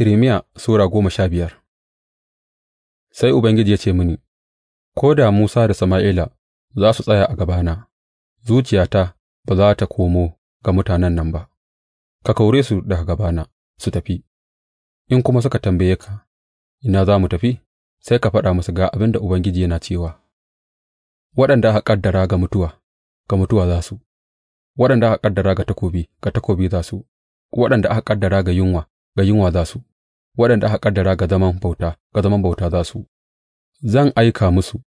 Irmiya Sura goma sha biyar Sai Ubangiji ya ce mini, Ko da Musa da Sama'ila za su tsaya a gabana, zuciyata ba za ta komo ga mutanen nan ba, ka kaure su daga gabana su tafi, in kuma suka tambaye ka, ina za mu tafi, sai ka faɗa musu ga abin da Ubangiji yana cewa, waɗanda aka ƙaddara ga mutuwa, ga mutuwa za su, waɗanda aka ƙaddara ga takobi, ga takobi za su, waɗanda aka ƙaddara ga yunwa, ga yunwa za su. waɗanda aka ƙaddara ga zaman bauta ga zaman bauta za su, zan aika musu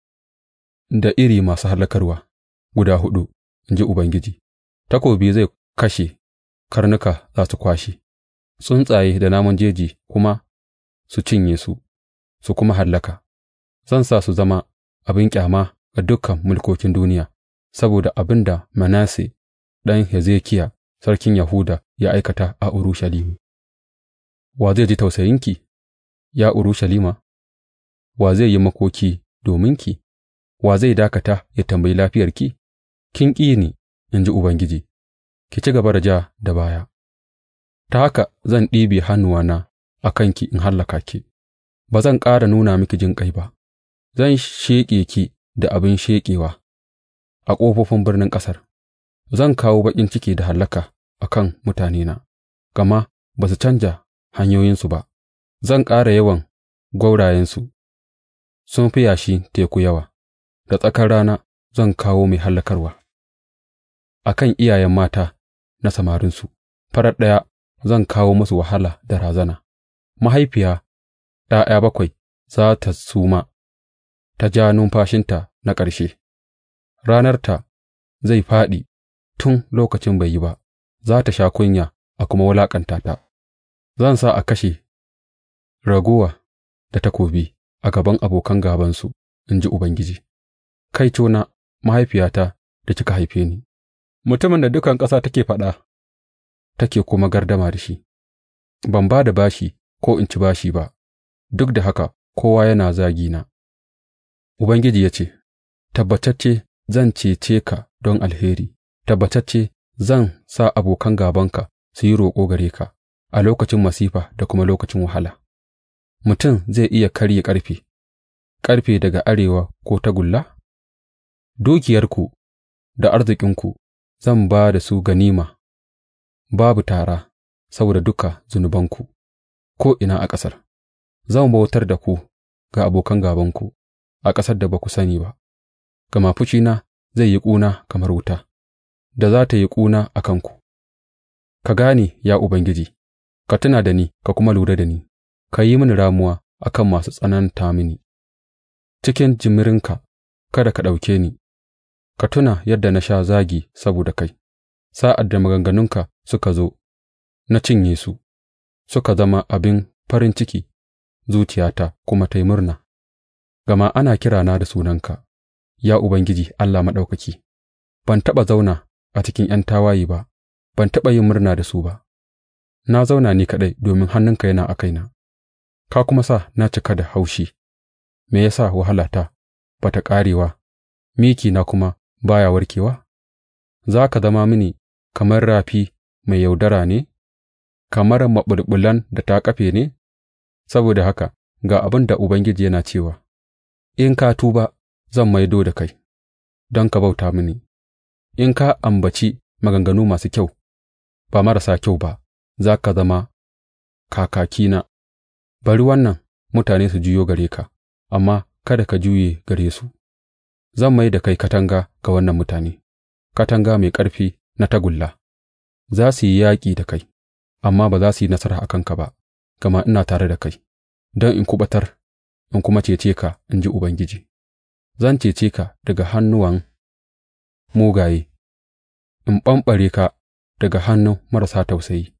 da iri masu hallakarwa guda huɗu, in ji Ubangiji, takobi zai kashe, karnuka za su kwashe, tsuntsaye da namun jeji kuma su cinye su, su kuma hallaka, zan sa su zama abin ƙyama ga dukan mulkokin duniya, saboda abin da Manasse ɗan Hezekiya sarkin Yahuda ya aikata a Urushalima. Wa zai ji tausayinki, ya Urushalima, wa zai yi makoki dominki, wa zai dakata ya tambayi lafiyarki? Kin ƙi ni, in ji Ubangiji, ki ci gaba da ja da baya, ta haka zan hannuwa hannuwana a kanki in hallaka ki, ba zan ƙara nuna miki jin ƙai ba, zan sheƙe ki da abin sheƙewa a ƙofofin birnin ƙasar, zan kawo baƙin ciki da hallaka a kan mutanena, gama ba su canja hanyoyinsu ba, zan ƙara yawan gwaurayensu, sun fi yashi teku yawa, da tsakar rana zan kawo mai hallakarwa a kan iyayen mata na samarinsu, farar ɗaya zan kawo musu wahala da razana, mahaifiya ɗaya bakwai za ta suma, ta ja numfashinta na ƙarshe, ranarta zai faɗi tun lokacin bai yi ba, za ta sha kunya a kuma wulaƙanta ta. Zan sa a kashe raguwa da takobi a gaban abokan gābansu, in ji Ubangiji, Kai cona mahaifiyata da kika haife ni, mutumin da dukan ƙasa take faɗa take kuma gardama da shi, ban ba da bashi ko in ci bashi ba, duk da haka kowa yana zagi na Ubangiji ya ce, Tabbatacce zan cece ka don alheri, tabbatacce zan sa abokan gābanka su yi roƙo gare ka. a lokacin masifa da kuma lokacin wahala, mutum zai iya karye ƙarfe, ƙarfe daga arewa ko tagulla? Dukiyarku da arzikinku zan ba da su ganima, babu tara saboda duka zunubanku, Ko ina a ƙasar, zan bautar da ku ga abokan gabanku a ƙasar da ba ku sani ba, gama fushina zai yi ƙuna kamar wuta, da za ta yi ƙuna a kanku. Ka gane, ya Ubangiji, Ka tuna da ni ka kuma lura da ni; ka yi mini ramuwa a kan masu tsananta mini cikin jimirinka kada ka ɗauke ni ka tuna yadda na sha zagi saboda kai sa'ad da maganganunka suka zo na cinye su suka zama abin farin ciki zuciyata kuma ta yi murna, gama ana kirana da sunanka, ya Ubangiji Allah Maɗaukaki; ban taɓa zauna a cikin ’yan tawaye ba, ban taɓa yin murna da su ba. Na zauna ni kaɗai domin hannunka yana a kaina, ka kuma sa na cika da haushi, me ya sa wahalata ba ta ƙarewa, na kuma baya warkewa? Za ka zama mini kamar rafi mai yaudara ne, kamar maɓulɓulan da ta kafe ne? Saboda haka ga abin da Ubangiji yana cewa, In ka tuba, zan maido da kai, don ka bauta mini, in ka ambaci maganganu masu kyau, ba marasa kyau ba. za ka zama kakakina, bari wannan mutane su juyo gare ka, amma kada ka juye gare su, zan mai da kai katanga ga wannan mutane, katanga mai ƙarfi na tagulla, za su yi yaƙi da kai, amma ba za su yi nasara a kanka ba, gama ina tare da kai, don in kuɓatar in kuma cece ka, in ji Ubangiji, zan cece ka daga hannuwan mugaye, in ɓamɓare ka daga hannun marasa tausayi.